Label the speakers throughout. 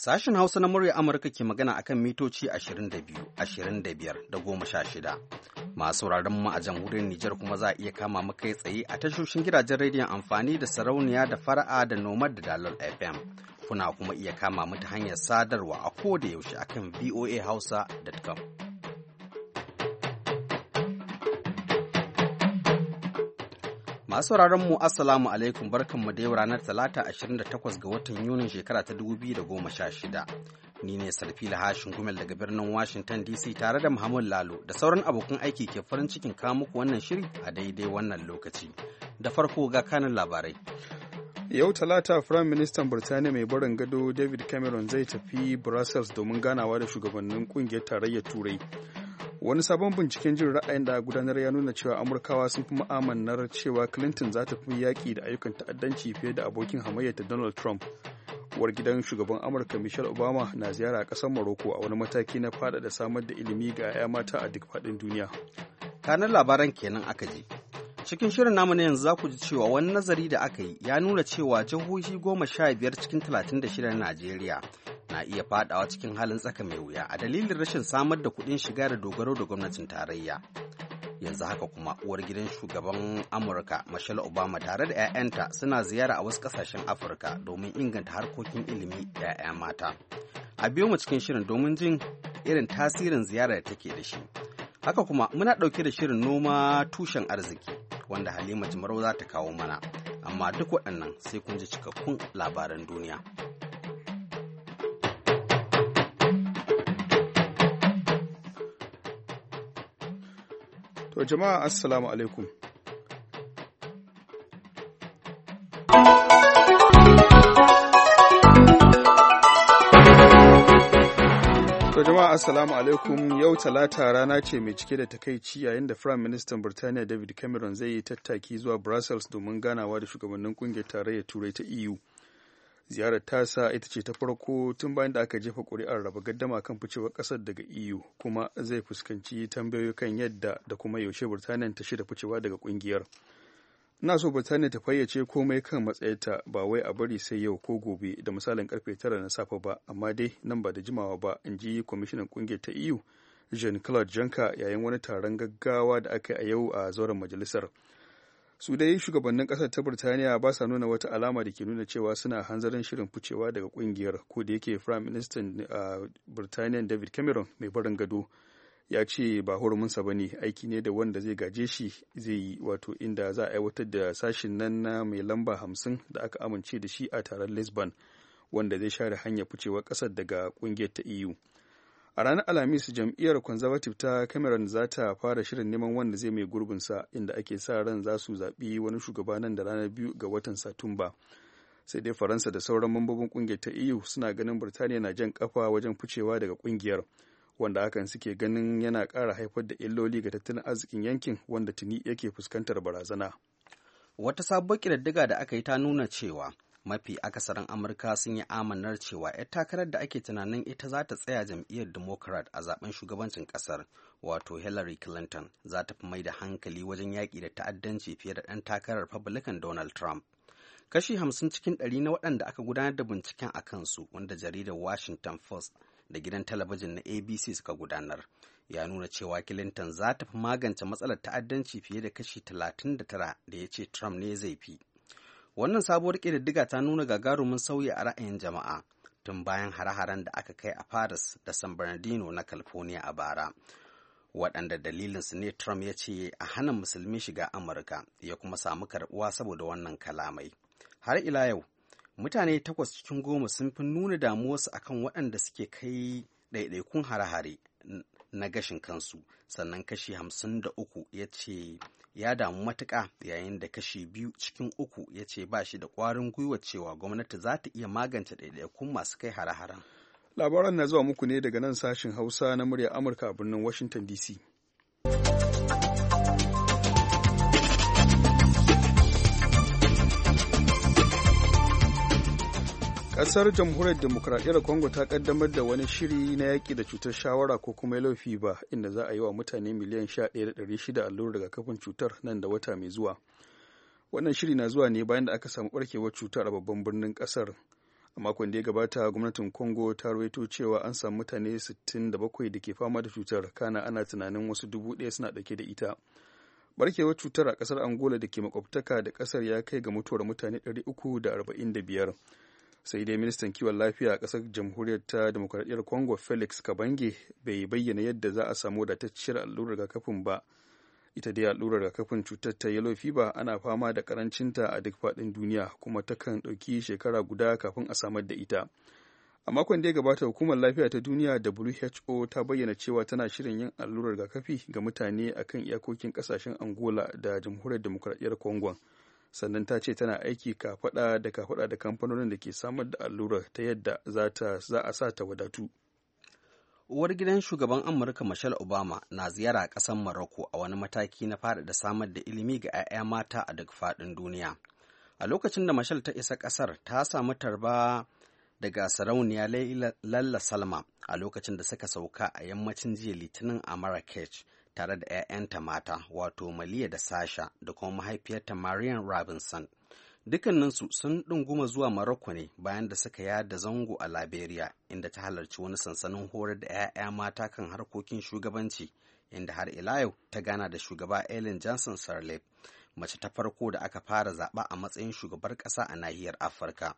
Speaker 1: Sashen Hausa na murya Amurka ke magana akan mitoci 22, 25 da 16. Masu sauraron mu a jamhuriyar Nijar kuma za a iya kama mu kai tsaye a tashoshin gidajen rediyon amfani da sarauniya da fara'a da nomad da dalol FM. Kuna kuma iya kama mu ta hanyar sadarwa a koda yaushe akan voahausa.com. Masu mu Assalamu alaikum barkanmu da yau ranar Talata 28 ga watan Yunin shekara ta 2016. Ni ne sarfi Hashin Gumel daga birnin Washington DC tare da Muhammad Lalo da sauran abokan aiki ke farin cikin kawo muku wannan shiri a daidai wannan lokaci. Da farko ga kanin labarai. Yau
Speaker 2: Talata Firayim Ministan Birtaniya mai barin gado David Cameron zai tafi Brussels domin ganawa da shugabannin kungiyar tarayyar Turai. wani sabon binciken jin ra'ayin da gudanar ya nuna cewa amurkawa sun fi ma'amannar cewa clinton za ta fi yaƙi da ayyukan ta'addanci fiye da abokin hamayya ta donald trump war gidan shugaban amurka michelle obama na ziyara a ƙasar morocco a wani
Speaker 1: mataki na faɗaɗa samar da ilimi ga 'ya mata a duk faɗin duniya kanan labaran kenan aka ji cikin shirin namu na yanzu za ku ji cewa wani nazari da aka yi ya nuna cewa jihohi goma sha biyar cikin talatin da shida na najeriya na iya fadawa cikin halin tsaka mai wuya a dalilin rashin samar da kuɗin shiga da dogaro da gwamnatin tarayya. Yanzu haka kuma uwar gidan shugaban Amurka Michelle Obama tare da 'ya'yanta suna ziyara a wasu ƙasashen Afirka domin inganta harkokin ilimi da 'ya'ya mata. A biyo mu cikin shirin domin jin irin tasirin ziyarar da take da shi. Haka kuma muna ɗauke da shirin noma tushen arziki wanda Halima Jimarau za ta kawo mana. Amma duk waɗannan sai kun ji cikakkun labaran duniya. To
Speaker 2: jama'a assalamu alaikum. To jama'a assalamu alaikum yau talata rana ce mai cike da takaici yayin da Prime Minister Birtaniya David Cameron zai yi tattaki zuwa Brussels domin ganawa da shugabannin kungiyar tarayyar Turai ta EU. ziyarar tasa ita ce ta farko tun bayan da aka jefa ƙuri'ar raba gaddama kan ficewar ƙasar daga eu kuma zai fuskanci tambayoyi kan yadda da kuma yaushe birtaniya ta shirya ficewa daga ƙungiyar na so birtaniya ta fayyace komai kan matsayarta ba wai a bari sai yau ko gobe da misalin karfe tara na safe ba amma dai nan ba da jimawa ba in ji kwamishinan ƙungiyar ta eu jean claude janka yayin wani taron gaggawa da aka yi a yau a zauren majalisar su dai shugabannin kasar ta birtaniya ba sa nuna wata alama da ke nuna cewa suna hanzarin shirin ficewa daga kungiyar ko da yake prime minister a birtaniya david cameron mai barin gado ya ce ba hurumunsa ba ne aiki ne da wanda zai gaje shi zai yi wato inda za a aiwatar da sashen nan na mai lamba hamsin da aka amince da shi a taron lisbon wanda zai share hanyar ficewar kasar daga kungiyar ta eu a ranar alhamis jam'iyyar conservative ta cameron za ta fara shirin neman wanda zai mai gurbinsa inda ake sa ran za su zaɓi wani shugaba nan da ranar biyu ga watan satumba sai dai faransa da sauran mambobin kungiyar ta eu suna ganin birtaniya na jan kafa wajen ficewa daga kungiyar wanda hakan suke ganin yana ƙara haifar da illoli ga tattalin arzikin yankin wanda tuni
Speaker 1: yake fuskantar barazana wata sabuwar ƙididdiga da aka yi ta nuna cewa mafi akasarin amurka sun yi amanar cewa 'yar takarar da ake tunanin ita za ta tsaya jam'iyyar democrat a zaben shugabancin kasar wato hillary clinton za ta fi mai da hankali wajen yaƙi da ta'addanci fiye da ɗan takarar republican donald trump kashi hamsin cikin ɗari na waɗanda aka gudanar da binciken a kansu wanda jaridar washington post da gidan talabijin na abc suka gudanar ya nuna cewa clinton za ta fi magance matsalar ta'addanci fiye da kashi 39 da ya ce trump ne zai fi Wannan sabuwar ƙididdiga ta nuna gagarumin sauyi a ra'ayin jama'a tun bayan hare-haren da aka kai a Paris da San Bernardino na California a bara. Waɗanda dalilinsu ne Trump ya ce a hana musulmi shiga Amurka ya kuma samu karɓuwa saboda wannan kalamai. Har ila yau, mutane takwas cikin goma sun fi nuna damuwarsu akan waɗanda suke kai ɗaiɗaikun hare-hare na gashin kansu sannan kashi hamsin da uku ya ce ya damu matuka, yayin da kashi biyu cikin uku ya ce ba shi da ƙwarin gwiwa cewa gwamnati za ta iya magance ɗaiɗaikun masu kai hare-haren.
Speaker 2: Labaran na zuwa muku ne daga nan sashin Hausa na murya Amurka a birnin Washington DC. kasar jamhuriyar demokuraɗiyyar congo ta kaddamar da wani shiri na yaƙi da cutar shawara ko kuma laifi ba inda za a yi wa mutane miliyan lura allurar rigakafin cutar nan da wata mai zuwa wannan shiri na zuwa ne bayan da aka samu barkewar cutar a babban birnin kasar a makon da ya gabata gwamnatin congo ta rawaito cewa an samu mutane 67 da ke fama da cutar kana ana tunanin wasu dubu ɗaya suna ɗauke da ita barkewar cutar a kasar angola da ke makwabtaka da kasar ya kai ga mutuwar mutane 345 sai dai ministan kiwon lafiya a ƙasar jamhuriyar ta demokuraɗiyyar congo felix kabange bai bayyana yadda za a samu wadatacciyar allurar rigakafin ba ita dai allurar kafin cutar ta yellow fever ana fama da karancinta a duk faɗin duniya kuma takan ɗauki shekara guda kafin a samar da ita a makon da ya gabata hukumar lafiya ta duniya who ta bayyana cewa tana shirin yin allurar rigakafi ga mutane akan iyakokin ƙasashen angola da jamhuriyar demokuraɗiyyar congo sannan ta ce tana aiki kafada da kafada da kamfanonin
Speaker 1: da ke samar da allurar ta yadda za a sa ta wadatu uwar gidan shugaban amurka michelle obama na ziyara ƙasar morocco a wani mataki na da samar da ilimi ga 'ya'ya mata a duk faɗin duniya a lokacin da michelle ta isa ƙasar ta samu tarba daga sarauniya Laila Salma a lokacin da suka sauka a yammacin jiya Litinin a Marrakech tare da 'ya'yanta mata wato Maliya da Sasha da kuma mahaifiyarta Marian Robinson. Dukkaninsu sun ɗunguma zuwa Marokko ne bayan da suka yada zango a Liberia inda ta halarci wani sansanin horar da 'ya'ya mata kan harkokin shugabanci inda har ila yau ta gana da shugaba Ellen Johnson Sirleaf mace ta farko da aka fara zaɓa a matsayin shugabar ƙasa a nahiyar Afirka.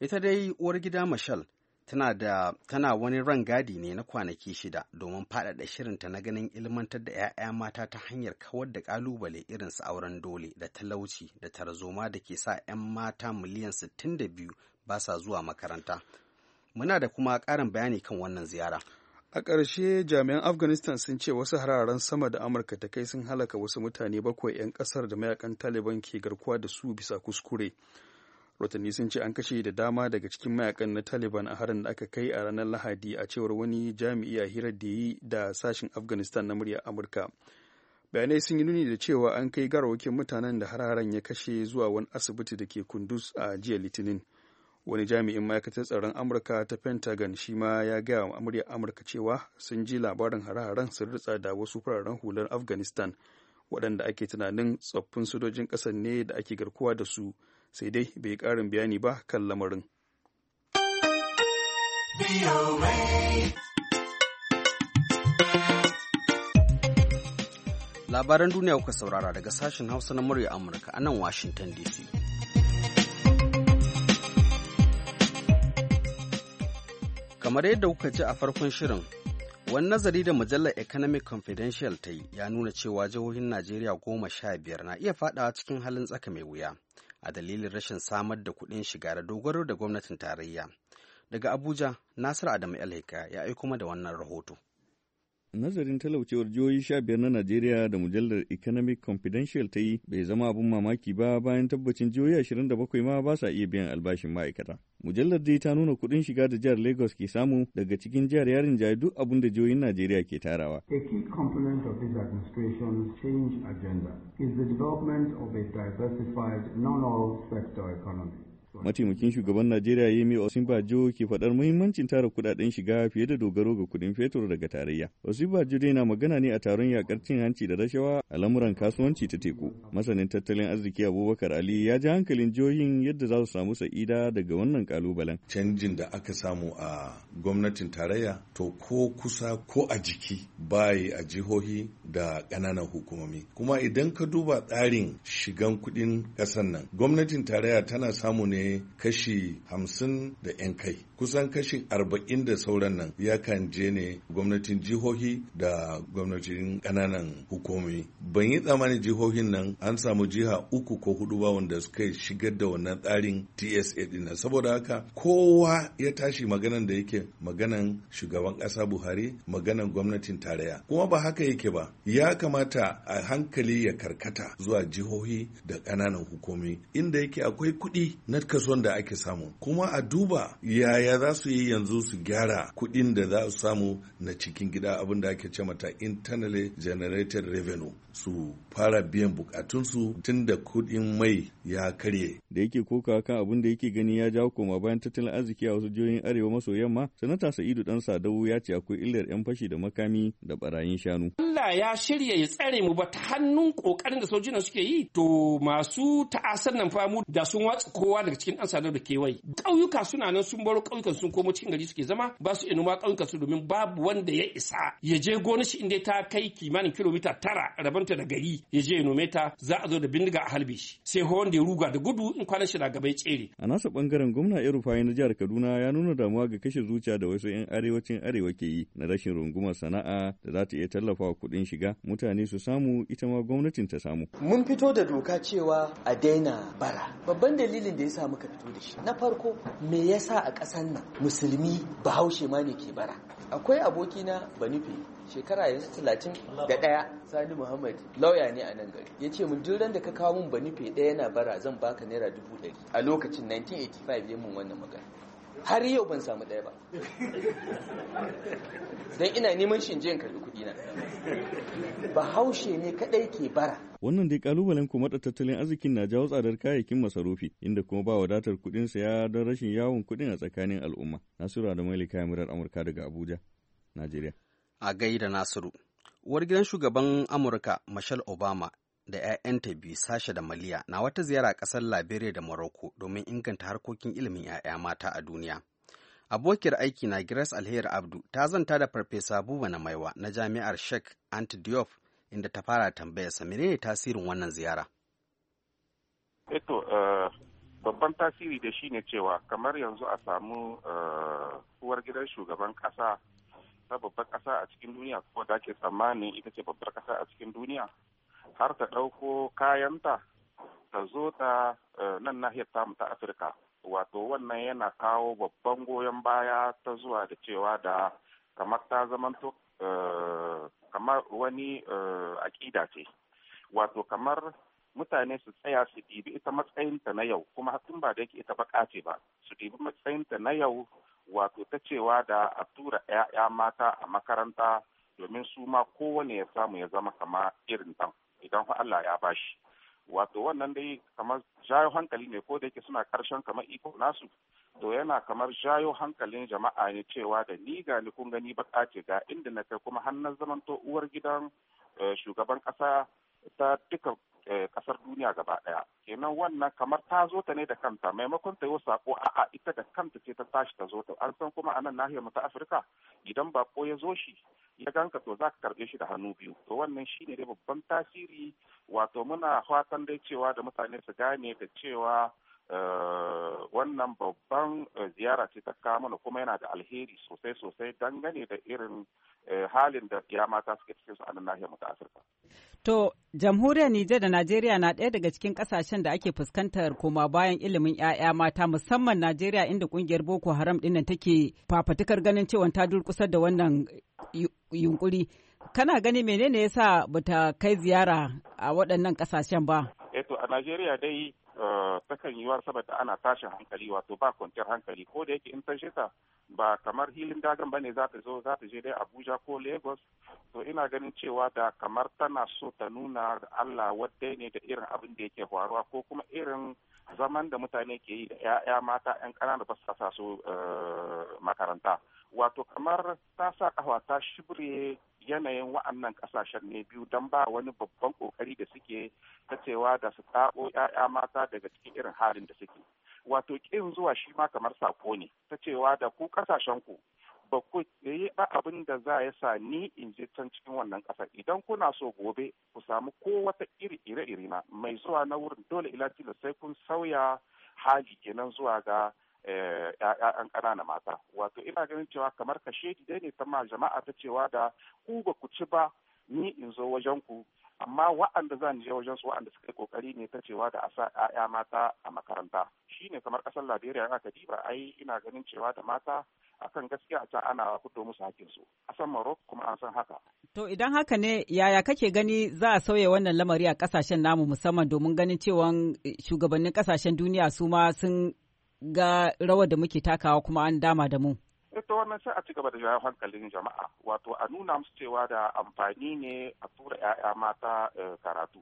Speaker 1: Ita dai uwar gida Mashal. tana, da, tana wani rangadi ne na kwanaki shida domin faɗaɗa shirinta na ganin ilmantar da 'ya'ya mata ta hanyar kawar da ƙalubale irin su auren dole da talauci da tarzoma da ke sa 'yan mata miliyan 62 ba sa zuwa makaranta. Muna da kuma ƙarin bayani kan wannan ziyara. A ƙarshe jami'an Afghanistan sun ce wasu hararen sama da Amurka ta kai sun halaka wasu mutane
Speaker 2: bakwai 'yan ƙasar da mayakan Taliban ke garkuwa da su bisa kuskure. rotanni sun ce an kashe da dama daga cikin mayakan na taliban a harin da aka kai a ranar lahadi a cewar wani jami'i a hirar da yi da sashen afghanistan na muryar amurka bayanai sun yi nuni da cewa an kai garawakin mutanen da hararen ya kashe zuwa wani asibiti da ke kundus a jiya litinin wani jami'in ma'aikatar tsaron amurka ta pentagon shi ma ya gaya wa muryar amurka cewa sun ji labarin hare-haren sun ritsa da wasu fararen hular afghanistan waɗanda ake tunanin tsoffin sojojin ƙasar ne da ake garkuwa da su sai dai bai yi ƙarin bayani ba
Speaker 1: kan lamarin. Labaran duniya kuka saurara daga sashen Hausa na murya Amurka a nan Washington DC. Kamar yadda kuka ji a farkon shirin, wani nazari da mujallar Economic Confidential ta yi ya nuna cewa jihohin Najeriya goma sha biyar na iya fadawa cikin halin tsaka mai wuya a dalilin rashin samar da kuɗin shiga da dogaro da gwamnatin tarayya. Daga Abuja, Nasiru Adamu Elhika ya aiko da wannan rahoto.
Speaker 3: nazarin talaucewar jihohi sha biyar na Najeriya da mujallar Economic Confidential ta yi bai zama abin mamaki ba bayan tabbacin jihohi ashirin da bakwai ma ba sa iya biyan albashin ma'aikata. Mujallar dai ta nuna kuɗin shiga da jihar Lagos ke samu daga cikin jihar yarin jaye duk abin da jihohin Najeriya ke tarawa.
Speaker 2: A key component of this administration's change agenda is the development of a diversified non-oil sector economy.
Speaker 3: mataimakin shugaban najeriya yemi osinbajo ke faɗar muhimmancin tara kudaden shiga fiye da dogaro ga kuɗin fetur daga tarayya osinbajo dai na magana ne a taron yakar cin hanci da rashawa a lamuran kasuwanci ta teku masanin tattalin arziki abubakar ali ya ji hankalin jihohin yadda za su samu sa'ida daga wannan kalubalen canjin da aka samu a gwamnatin tarayya to ko kusa ko a jiki bayi a jihohi da ƙananan hukumomi kuma idan ka duba tsarin shigan kudin ƙasar nan gwamnatin tarayya tana samu ne kashi hamsin da 'yan kai kusan kashi arba'in da sauran nan ya kan je ne gwamnatin jihohi da gwamnatin ƙananan hukumomi ban yi tsammanin jihohin nan an samu jiha uku ko hudu ba wanda suka shigar da wannan tsarin tsa din saboda haka kowa ya tashi maganan da yake maganan shugaban ƙasa buhari maganan gwamnatin tarayya kuma ba haka yake ba ya kamata a hankali ya karkata zuwa jihohi da kananan hukumi inda yake akwai kuɗi na kason da ake samu kuma a duba yaya za su yi yanzu su gyara kuɗin da za su samu na cikin gida abin da ake ce mata internally generated revenue su fara biyan bukatunsu tun da kuɗin mai ya karye da yake koka kan abin da yake gani ya jawo koma bayan tattalin arziki a wasu jihohin arewa maso yamma sanata sa'idu dan sadau ya ce akwai illar yan fashi da makami da barayin shanu
Speaker 4: Allah ya shirya ya tsare mu ba ta hannun kokarin da sojojin suke yi to masu ta'asar nan famu da sun watsa kowa daga cikin ɗan sadar da kewaye ƙauyuka suna nan sun baro ƙauyukan sun komo cikin gari suke zama ba su inuma ƙauyukan su domin babu wanda ya isa ya je gona shi inda ta kai kimanin kilomita tara rabanta da gari ya je ya nome ta za a zo da bindiga a halbe shi sai da ya ruga da gudu in kwanan shi na gaba ya tsere.
Speaker 3: a nasa bangaren gwamna irufayi na jihar kaduna ya nuna damuwa ga kashe zuciya da wasu 'yan arewacin arewa ke yi na rashin rungumar sana'a da za ta iya tallafa wa kuɗin shiga mutane su samu ita ma gwamnatin ta samu.
Speaker 1: mun fito da doka cewa a daina bara babban dalilin da ya samu muka fito da shi na farko me yasa a ƙasan nan musulmi bahaushe ma ne ke bara akwai aboki na banufe shekara yanzu talatin da ɗaya sani muhammad lauya ne a nan gari ya ce mun duk da ka kawo mun banufe ɗaya na bara zan baka naira dubu ɗari a lokacin 1985 ya mun wannan magana har yau ban samu ɗaya ba don ina neman shi in karɓi kuɗi na bahaushe ne kaɗai ke bara
Speaker 3: wannan dai kalubalen kuma da tattalin arzikin na jawo tsadar kayayyakin masarufi inda kuma ba wadatar kuɗin saya don rashin yawon kuɗin a tsakanin al'umma nasiru da maili kamarar amurka daga abuja najeriya
Speaker 1: a gaida nasiru uwar gidan shugaban amurka michelle obama da 'ya'yanta biyu Sasha da Maliya na wata ziyara ƙasar Liberia da Morocco domin inganta harkokin ilimin 'ya'ya mata a duniya. Abokiyar aiki na Grace Alheri Abdu ta zanta da Farfesa Buba na Maiwa na Jami'ar Sheikh Anta Diop inda ta fara tambaya sa menene tasirin wannan ziyara.
Speaker 5: Eto eh eh, babban tasiri da shi ne cewa kamar yanzu a samu eh, uwar uh, gidan shugaban ƙasa ta babbar kasa a cikin duniya ko da ake tsammanin ita ce babbar ƙasa a cikin duniya har ta ɗauko kayanta ta zo ta eh, nan nahiyar tamu ta afirka wato wannan yana kawo babban goyon baya ta zuwa da cewa da kamar ta zamanto eh, kamar wani eh, aƙida ce wato kamar mutane su tsaya su ɗibi ita matsayinta na yau kuma tun ba da yake ita baƙa ce ba su ɗibi matsayinta na yau wato ta cewa da a tura 'ya'ya mata a makaranta domin su ma kowane ya samu ya zama kama irin ɗan idan fa Allah ya bashi wato wannan dai kamar jayo hankali ne ko da yake suna karshen kamar iko nasu to yana kamar jayo hankalin jama'a ne cewa da ni ga ni kun gani baka ce ga inda na kai kuma har zamanto uwar gidan eh, shugaban ƙasa ta duka Eh, kasar duniya gaba daya kenan wannan kamar ta zo ta ne da kanta maimakon ta yi sako a'a ita da kanta ce ta tashi ta zo ta an san kuma anan nahiyar mu ta afirka idan bako ya zo shi ya ganka to za ka karbe shi da hannu biyu to wannan shi ne dai babban tasiri wato muna fatan dai cewa da mutane su gane da cewa Eh, wannan babban eh, ziyara ce ta kama mana kuma yana da alheri sosai sosai dangane da irin eh, halin da ya mata suke cikin su a nan nahiyar ta Afirka.
Speaker 6: To jamhuriyar Nijar da Najeriya na ɗaya daga cikin ƙasashen da ake fuskantar koma bayan ilimin 'ya'ya mata musamman Najeriya inda ƙungiyar Boko Haram ɗin take fafatukar ganin cewa ta durƙusar da wannan yunkuri. Kana gani menene yasa bata kai ziyara a waɗannan ƙasashen ba?
Speaker 5: Eto a Najeriya dai Eh, takan yiwuwar saboda ana tashin hankali wato ba kwanciyar hankali ko da yake in ta ta ba kamar hilin dagan bane za ta zo za ta je dai Abuja ko Lagos to ina ganin cewa da kamar tana so ta nuna Allah wadda ne da irin abin da yake faruwa ko kuma irin zaman da mutane ke yi da 'ya'ya mata 'yan ƙanana ba su kasa su eh, makaranta wato kamar ta sa kawa ta shibre yanayin wa'annan kasashen ne biyu don ba wani babban kokari da suke ta cewa da su kaɓo 'ya'ya mata daga cikin irin halin da suke wato ƙin zuwa shi ma kamar sako ne ta cewa da ku kasashen ku ba ku yi ba abin da za ya sa ni in je can cikin wannan kasar idan kuna so gobe ku samu ko wata iri ire ire na mai zuwa na wurin dole ila sai kun sauya hali kenan zuwa ga 'ya'yan eh, ƙanana mata wato ina ganin cewa kamar kashe dai ne ta ma jama'a ta cewa da ku ba ku ci ba ni in zo wajen ku amma wa'anda zan je wajen su wa'anda suka yi kokari ne ta cewa da a sa 'ya'ya mata a makaranta shi ne kamar kasar Liberia aka diba ai ina ganin cewa da mata akan gaskiya ta ana fito musu hakinsu a san Morocco kuma an san haka.
Speaker 6: To idan haka ne yaya kake gani za a sauya wannan lamari a kasashen namu musamman domin ganin cewa shugabannin kasashen duniya su ma sun ga rawar da muke takawa kuma an dama da mu.
Speaker 5: ita wannan sai a ci gaba da jawo hankalin jama'a wato a nuna musu cewa da amfani ne a tura 'ya'ya mata eh, karatu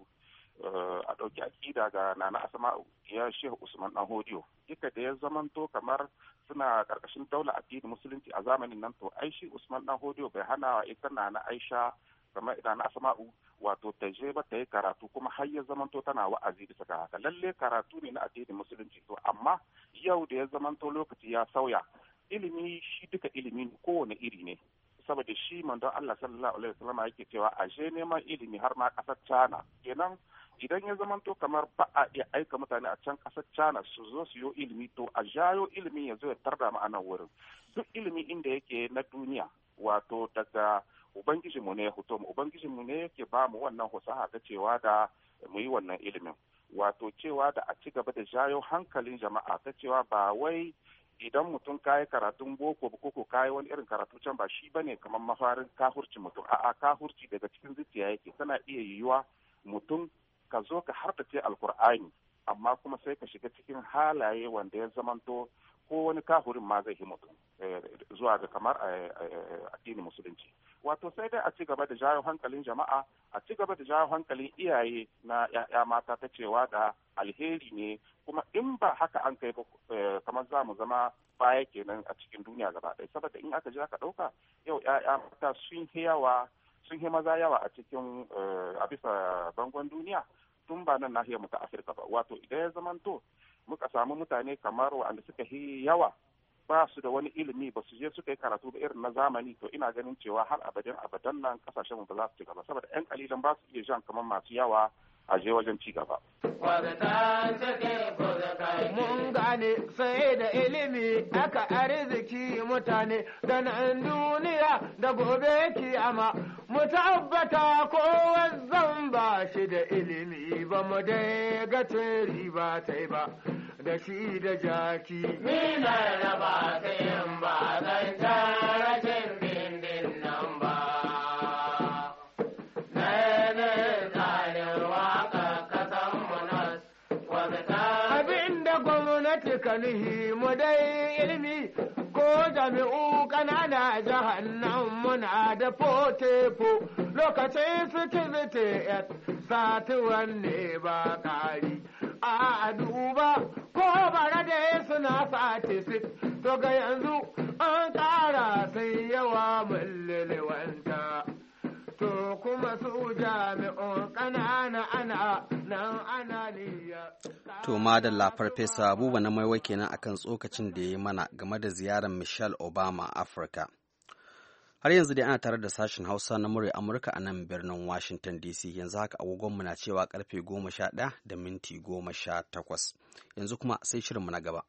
Speaker 5: eh, a ɗauki akida ga nana asama ya shehu usman dan hodiyo duka da ya zamanto kamar suna karkashin daular addinin musulunci a zamanin nan to ai usman dan hodiyo bai hana wa ita nana aisha kamar na asma'u wato ta je ba ta yi karatu kuma har ya zamanto tana wa'azi bisa ga haka lalle karatu ne na addinin musulunci to amma yau da ya zamanto lokaci ya sauya ilimi shi duka ilimi kowane iri ne saboda shi don Allah sallallahu alaihi wasallam yake cewa a je neman ilimi har ma kasar China kenan idan ya zamanto kamar ba a iya aika mutane a can kasar China su zo su yo ilimi to a jayo ilimi ya zo ya tarda mu a nan wurin duk ilimi inda yake na duniya wato daga ubangijinmu ne ya fito mu ne yake ba mu wannan fasaha ta cewa da mu yi wannan ilimin wato cewa da a ci gaba da jayo hankalin jama'a ta cewa ba wai idan mutum kayi karatun boko ba koko kayi wani irin karatu can ba shi bane kamar mafarin kahurci mutum a'a kahurci daga cikin zuciya yake tana iya yiwuwa mutum ka zo ka ce alkur'ani amma kuma sai ka shiga cikin halaye wanda ya zamanto ko wani kafurin ma zai himu eh, zuwa ga kamar eh, eh, addinin musulunci wato sai dai a ci gaba da jawo hankalin jama'a a ci gaba da jawo hankalin iyaye na ya'ya mata ta cewa da alheri ne kuma in ba haka an kai ba kamar za mu zama baya kenan a cikin duniya gaba ɗaya saboda in aka je aka ɗauka yau ya'ya mata sun yawa sun fi maza yawa a cikin a bisa bangon duniya tun ba nan nahiyar mu ta afirka ba wato idan ya zamanto muka samu mutane kamar waɗanda suka yi yawa ba su da wani ilimi ba su je suka yi karatu da irin na zamani to ina ganin cewa har abadan abadan nan kasashen mu ba za su ci gaba saboda yan kalilan ba su iya jan kamar masu yawa a je wajen ci gaba.
Speaker 7: Mun gane sai da ilimi aka arziki mutane da nan duniya da gobe kiyama mu tabbata ko zan ba shi da ilimi ba mu dai ga riba ta ba da shi da jaki. Ni raba ta yin ba zan da mu dai ilimi ko jami'u kanana jahannan muna da fotefo lokacin suke yat sati wanne ba kari a duba ko bara da suna sati sit to ga yanzu an kara sai yawa wanta su kuma su jami'un
Speaker 1: farfesa abubuwa na maiwa kenan akan tsokacin da ya yi mana game da ziyarar Michelle Obama a Afirka. Har yanzu dai ana tare da sashen Hausa na murya Amurka a nan birnin Washington DC yanzu haka agogonmu na cewa karfe goma sha ɗaya da minti goma sha takwas. Yanzu kuma sai shirinmu na gaba.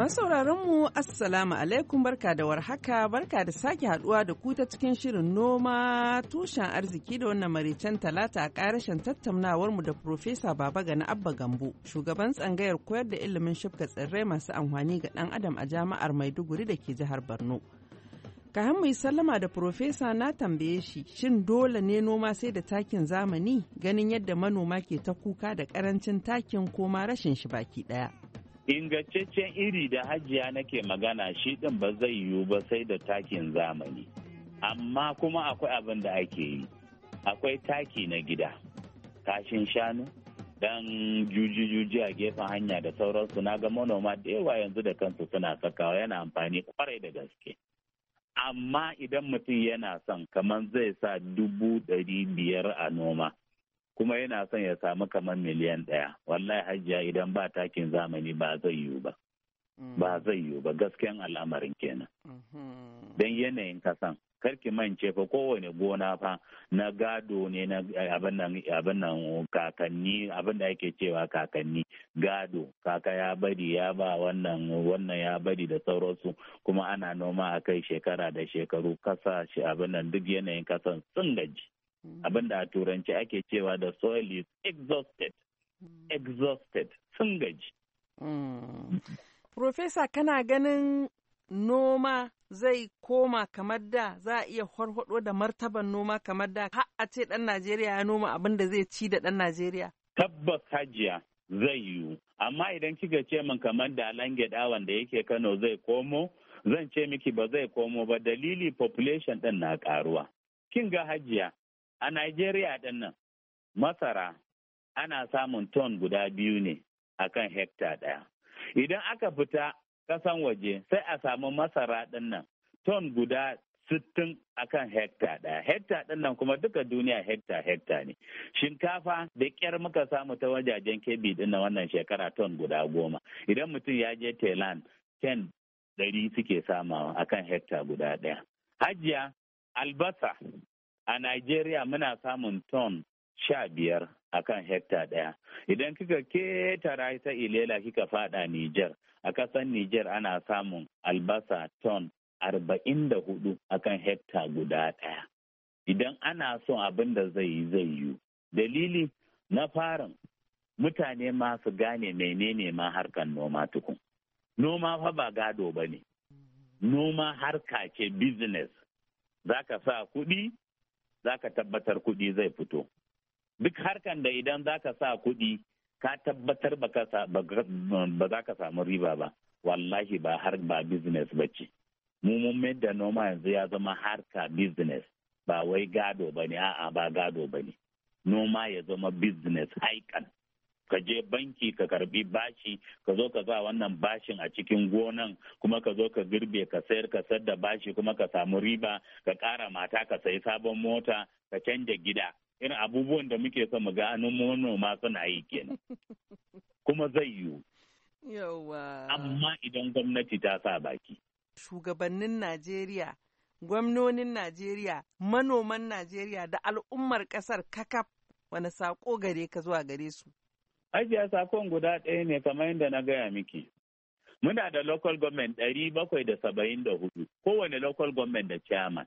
Speaker 6: mu Assalamu alaikum barka da warhaka barka da sake haduwa da ku ta cikin shirin noma tushen arziki da wannan maricen talata a karashen tattaunawar mu da Profesa Baba Gani Abba Gambo, shugaban tsangayar koyar da ilimin shifka tsirrai masu amfani ga dan adam a jami'ar Maiduguri da ke jihar Borno. Ka mu yi sallama da Profesa na tambaye shi, shin dole ne noma sai da takin zamani ganin yadda manoma ke ta kuka da karancin takin ko ma rashin shi baki ɗaya.
Speaker 8: ingantaccen iri da hajiya nake magana shi din ba zai yiwu ba sai da takin zamani amma kuma akwai abin da ake yi akwai taki na gida kashin shanu dan juji-juji a gefen hanya da sauransu na ga manoma da yawa yanzu da kansu suna sakawa yana amfani kwarai da gaske amma idan mutum yana son kamar zai sa dubu ɗari biyar a noma kuma yana son ya samu kamar miliyan ɗaya wallahi ajiya idan ba takin zamani ba zai yiwu ba ba mm. zai yiwu ba gaskiyan al'amarin kenan mm-hmm. don yanayin kasan karki mance fa kowane gona fa na gado ne na eh, abin nan kakanni abin da ake cewa kakanni gado kaka ya bari ya ba wannan wannan ya bari da sauransu kuma ana noma a kai shekara da shekaru kasa shi abin nan duk yanayin kasan sun gaji Mm. abin da a turanci ake cewa da soil is exhausted mm. exhausted sun gaji
Speaker 5: mm.
Speaker 6: Profesa kana ganin noma zai koma kamar da za a iya harhaɗo da martaban noma kamar da har a ce ɗan Najeriya ya noma abin da zai ci da ɗan Najeriya?
Speaker 8: Tabbas hajiya zai yiwu, amma idan kika ce min kamar da lange dawan da yake Kano zai komo, zan ce miki ba zai komo ba dalili population ɗin na ƙaruwa. Kin ga hajiya, A Najeriya ɗin nan, masara ana samun ton guda biyu ne a kan hekta ɗaya. Idan aka fita ƙasan waje sai a samu masara ɗin nan ton guda sittin a kan hekta ɗaya. Hekta ɗin nan kuma duka duniya hekta hekta ne. Shinkafa da ƙyar muka samu ta wajajen kebi ɗin nan wannan shekara ton guda goma. Idan mutum ya je telan ten ɗari suke samawa a hekta guda ɗaya. Hajiya albasa a Najeriya muna samun ton sha biyar a kan hekta ɗaya. Idan kika ketara ta ilela kika faɗa Nijar, a ƙasar Nijar ana samun albasa ton arba'in da hudu a kan hekta guda ɗaya. Idan ana son abin da zai yi zai yi. Dalili na farin mutane masu gane menene ma harkan noma tukun. Noma fa ba gado ba ne. Noma harka ke business. Za ka sa kuɗi za ka tabbatar kuɗi zai fito duk harkan da idan za ka sa kuɗi ka tabbatar ba za ka samu riba ba wallahi ba har ba business ba ce mu mun da noma yanzu ya zama harka business ba wai gado ba ne a'a ba gado ba ne noma ya zama business haikan ka je banki ka karbi bashi ka zo ka za wannan bashin a cikin gonan kuma ka zo ka girbe ka sayar ka sayar da bashi kuma ka samu riba ka ƙara mata ka sayi sabon mota ka canja gida irin abubuwan da muke son mu ga manoma suna yi kenan kuma zai yiwu amma idan gwamnati ta sa baki
Speaker 6: shugabannin Najeriya gwamnonin Najeriya manoman Najeriya da al'ummar ƙasar kakaf wani saƙo gare ka zuwa gare su
Speaker 8: ajiya sakon guda ɗaya ne kamar yadda na gaya miki. Muna da local government ɗari bakwai da saba'in da hudu, kowane local government da chairman.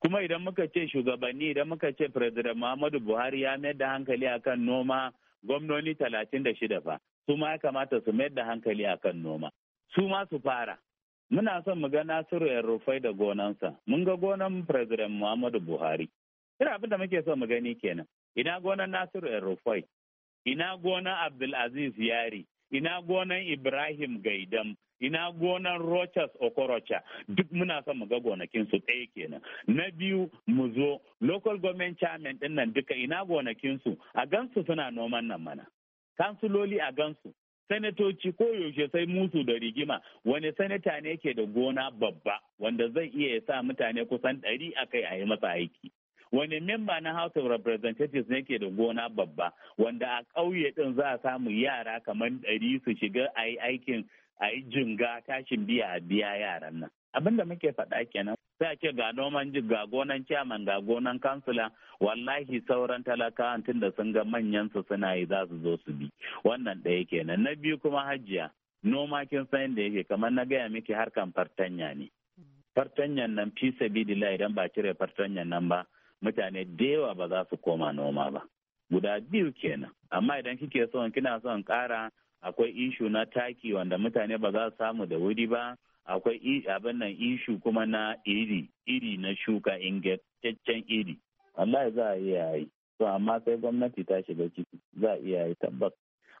Speaker 8: Kuma idan muka ce shugabanni idan muka ce President Muhammadu Buhari ya mayar da hankali akan noma gwamnoni talatin da shida fa, su ma ya kamata su mayar da hankali akan noma. Su ma su fara. Muna son mu ga Nasiru Rufai da gonansa. Mun ga gonan President Muhammadu Buhari. Ina abin da muke son mu gani kenan. Ina gonan Nasiru Rufai. ina gonan abdulaziz yari ina gonan ibrahim gaidam ina gonan rochas okorocha duk muna son mu ga gonakin su ɗaya kenan na biyu mu zo local government chairman din nan duka ina gonakin su a gansu suna noman nan mana kansuloli a gansu sanatoci ko yaushe sai musu da rigima wani sanata ne ke da gona babba wanda zai iya ya sa mutane kusan ɗari a kai a yi masa aiki wani memba na house of representatives ne ke da gona babba wanda a ƙauye din za a samu yara kamar ɗari su shiga a yi aikin a yi jinga tashin biya a biya yaran nan abin da muke faɗa kenan sai a ce ga noman ga gonan chairman ga gonan kansila wallahi sauran talakawa tun da sun ga manyan su suna yi za su zo su bi wannan ɗaya kenan na biyu kuma hajiya noma kin san da yake kamar na gaya miki harkan fartanya ne fartanyan nan fi sabilillah idan ba cire fartanyan nan ba mutane da yawa ba za su koma noma ba guda biyu kenan amma idan kike son kina son kara akwai ishu na taki wanda mutane ba za su samu da wuri ba akwai abin nan ishu kuma na iri iri na shuka ingantaccen iri wallahi za a iya yi to amma sai gwamnati ta shiga ciki za a iya yi tabbas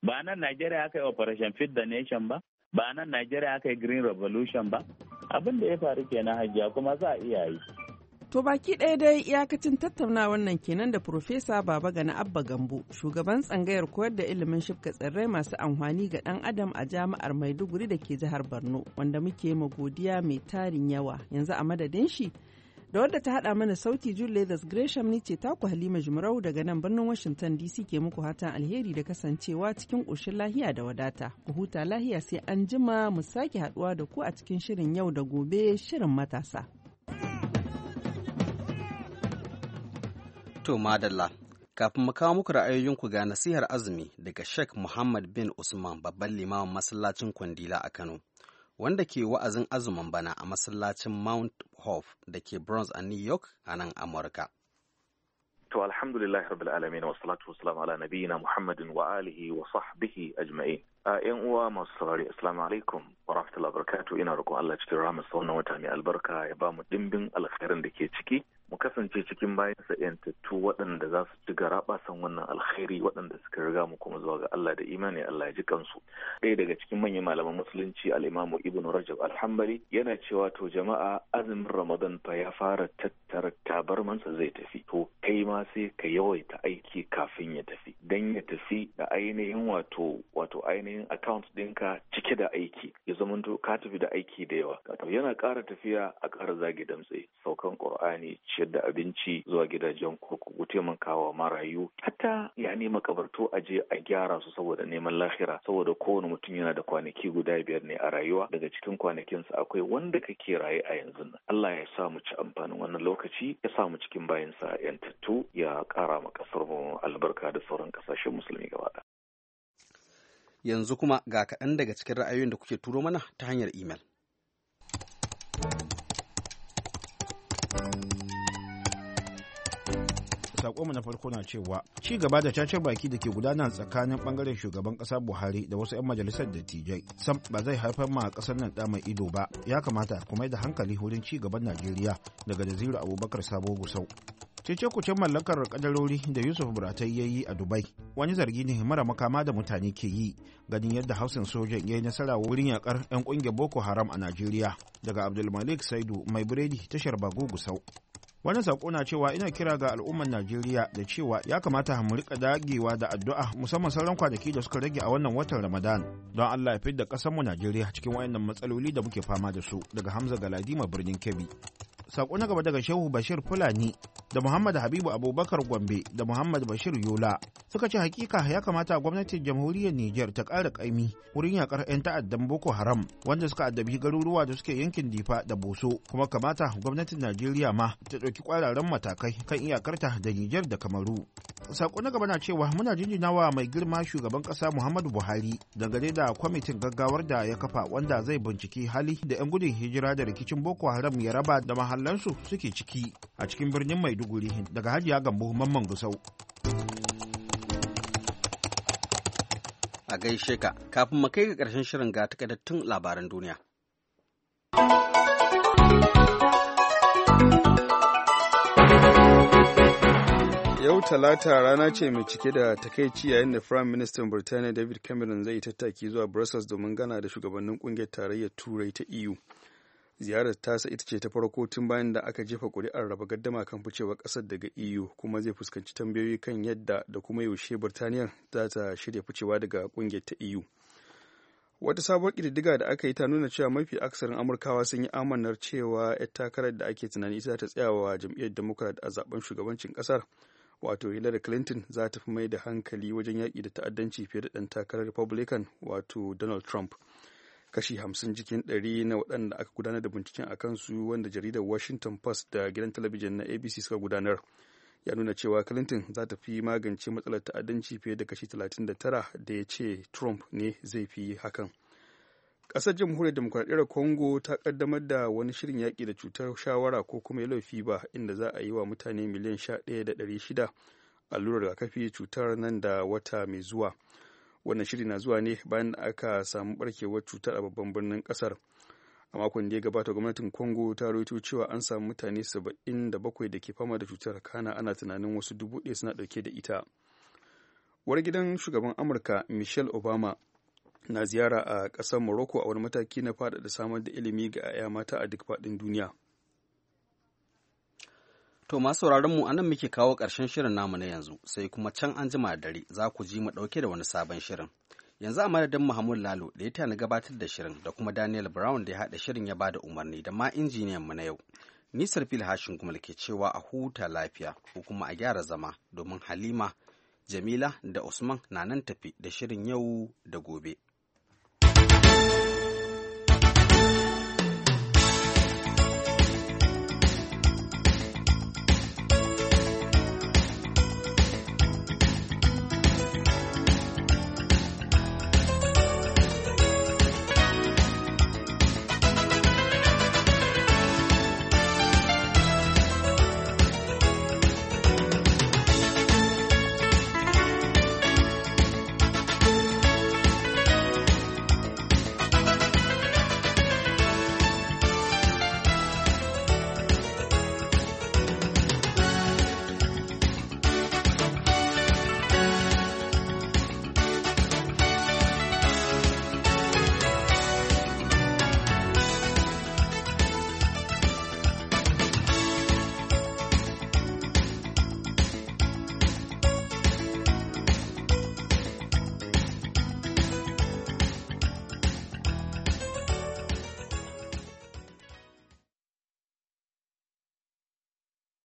Speaker 8: ba nan Najeriya aka yi operation feed the nation ba ba nan Najeriya aka yi green revolution ba abin da ya faru kenan hajiya kuma za a iya yi
Speaker 6: To baki ɗaya dai iyakacin tattauna wannan kenan da Profesa Baba Gana Abba Gambo, shugaban tsangayar koyar da ilimin shifka tsirrai masu amfani ga ɗan Adam a jami'ar Maiduguri da ke jihar Borno, wanda muke ma godiya mai tarin yawa yanzu a madadin shi. Da wadda ta haɗa mana sauti Julius Gresham ni ce taku Halima Jumrau daga nan birnin Washington DC ke muku hatan alheri da kasancewa cikin ƙoshin lahiya da wadata. Ku huta lahiya sai an jima mu sake haɗuwa da ku a cikin shirin yau da gobe shirin matasa.
Speaker 1: To madalla, kafin mu kawo muku ra'ayoyin ku ga nasihar azumi daga Sheikh Muhammad bin Usman babban limamin masallacin Kwandila a Kano, wanda ke wa'azin azumin bana a masallacin Mount Hope da ke Bronx a New York
Speaker 9: a nan Amurka. To alhamdulillah rabbil alamin wa salatu wa salam ala nabiyyina Muhammadin wa alihi wa sahbihi ajma'in. a yan uwa masu saurari assalamu alaikum wa rahmatullahi wa barakatuh ina roƙon Allah cikin rahmat wannan wata mai albarka ya ba mu dimbin alkhairin da ke ciki mu kasance cikin bayansa yantattu waɗanda za su ci san wannan alkhairi waɗanda suka riga mu kuma zuwa ga Allah da imani Allah ya ji kansu ɗaya daga cikin manyan malaman musulunci al-Imamu Ibn Rajab al-Hanbali yana cewa to jama'a azumin Ramadan fa ya fara tattara tabarmansa zai tafi to kai ma sai ka yawaita aiki kafin ya tafi dan ya tafi da ainihin wato wato ainihin account ɗinka cike da aiki ya zamanto ka tafi da aiki da yawa yana ƙara tafiya a ƙara zage damtse saukan Qur'ani ce ciyar da abinci zuwa gidajen kurkuku taimakawa marayu hatta ya nema makabartu a je a gyara su saboda neman lahira saboda kowane mutum yana da kwanaki guda biyar ne a rayuwa daga cikin kwanakinsa akwai wanda kake raye a yanzu Allah ya sa mu ci amfanin wannan lokaci ya sa mu cikin bayansa yantattu ya kara ma kasar mu albarka da sauran kasashen musulmi gaba
Speaker 1: yanzu kuma ga kaɗan daga cikin ra'ayoyin da kuke turo mana ta hanyar imel.
Speaker 4: mu na farko na cewa ci gaba da cacar baki da ke gudana tsakanin bangaren shugaban kasa Buhari da wasu 'yan majalisar dattijai sam ba zai haifar ma kasar nan da mai ido ba ya kamata ku mai da hankali wurin ci gaban Najeriya daga Naziru Abubakar Sabo Gusau. cece kucin mallakar kadarori da yusuf buratai ya yi a dubai wani zargi ne mara makama da mutane ke yi ganin yadda hausin sojan ya yi nasara wurin yakar 'yan kungiyar boko haram a najeriya daga abdulmalik saidu mai biredi tashar bago gusau wannan sako na cewa ina kira ga al'ummar najeriya da cewa ya kamata mu riƙa dagewa da addu'a musamman sauran kwanaki da suka rage a wannan watan ramadan don allah ya fi da mu najeriya cikin wayannan matsaloli da muke fama da su daga hamza galadima birnin kebbi sako na gaba daga shehu bashir fulani da Muhammad Habibu Abubakar Gombe da Muhammad Bashir Yola suka ce hakika ya kamata gwamnatin jamhuriyar Nijar ta ƙara ƙaimi wurin yakar 'yan ta'addan Boko Haram wanda suka addabi garuruwa da suke yankin Difa da Boso kuma kamata gwamnatin Najeriya ma ta ɗauki ƙwararren matakai kan iyakarta da Nijar da Kamaru. Sako na gaba na cewa muna jinjinawa mai girma shugaban ƙasa Muhammadu Buhari dangane da kwamitin gaggawar da ya kafa wanda zai binciki hali da 'yan gudun hijira da rikicin Boko Haram ya raba da mahallansu suke ciki a cikin birnin Maiduguri. Maiduguri daga Hajiya Gambo Mamman Gusau.
Speaker 1: A gaishe ka, kafin mu kai ga ƙarshen shirin ga takardattun labaran duniya.
Speaker 2: Yau Talata rana ce mai cike da takaici yayin da Firayim Ministan Birtaniya David Cameron zai tattaki zuwa Brussels domin gana da shugabannin kungiyar tarayyar Turai ta EU. ziyarar tasa ita ce ta farko tun bayan da aka jefa kuri'ar raba gaddama kan ficewar kasar daga eu kuma zai fuskanci tambayoyi kan yadda da kuma yaushe birtaniya za ta shirya ficewa daga ƙungiyar ta eu wata sabuwar kididdiga da aka yi ta nuna cewa mafi aksarin amurkawa sun yi amanar cewa 'yar takarar da ake tunani ita ta tsayawa jam'iyyar democrat a zaben shugabancin kasar wato hillary clinton za ta fi mai da hankali wajen yaƙi da ta'addanci fiye da ɗan takarar republican wato donald trump kashi hamsin cikin ɗari na waɗanda aka gudanar da binciken a kansu wanda jaridar washington post da gidan talabijin na abc suka gudanar ya nuna cewa clinton za ta fi magance matsalar ta'addanci fiye da kashi 39 da ya ce trump ne zai fi hakan ƙasar jamhuriyar demokuraɗiyyar congo ta ƙaddamar da wani shirin yaƙi da cutar shawara ko kuma ya yellow ba inda za a yi wa mutane miliyan 11,600 allurar rigakafi cutar nan da wata mai zuwa wannan shiri na zuwa ne bayan da aka samu barkewar cutar a babban birnin kasar a makon da ya gabata gwamnatin congo ta rawaito cewa an samu mutane 77 da ke fama da cutar kana ana tunanin wasu dubu ɗaya suna ɗauke da ita war gidan shugaban amurka michelle obama na ziyara a ƙasar morocco a wani mataki na
Speaker 1: faɗaɗa samar da ilimi ga 'ya'ya mata a duk faɗin duniya To masu mu a nan muke kawo ƙarshen shirin namu na yanzu sai kuma can an jima da dare za ku ji mu ɗauke da wani sabon shirin. Yanzu a madadin Muhammad Lalo da ya tani gabatar da shirin da kuma Daniel Brown da ya haɗa shirin ya bada umarni da ma injiniyan mu na yau. Ni Sarfil Hashin kuma ke cewa a huta lafiya ko kuma a gyara zama domin Halima, Jamila da Usman na nan tafi da shirin yau da gobe.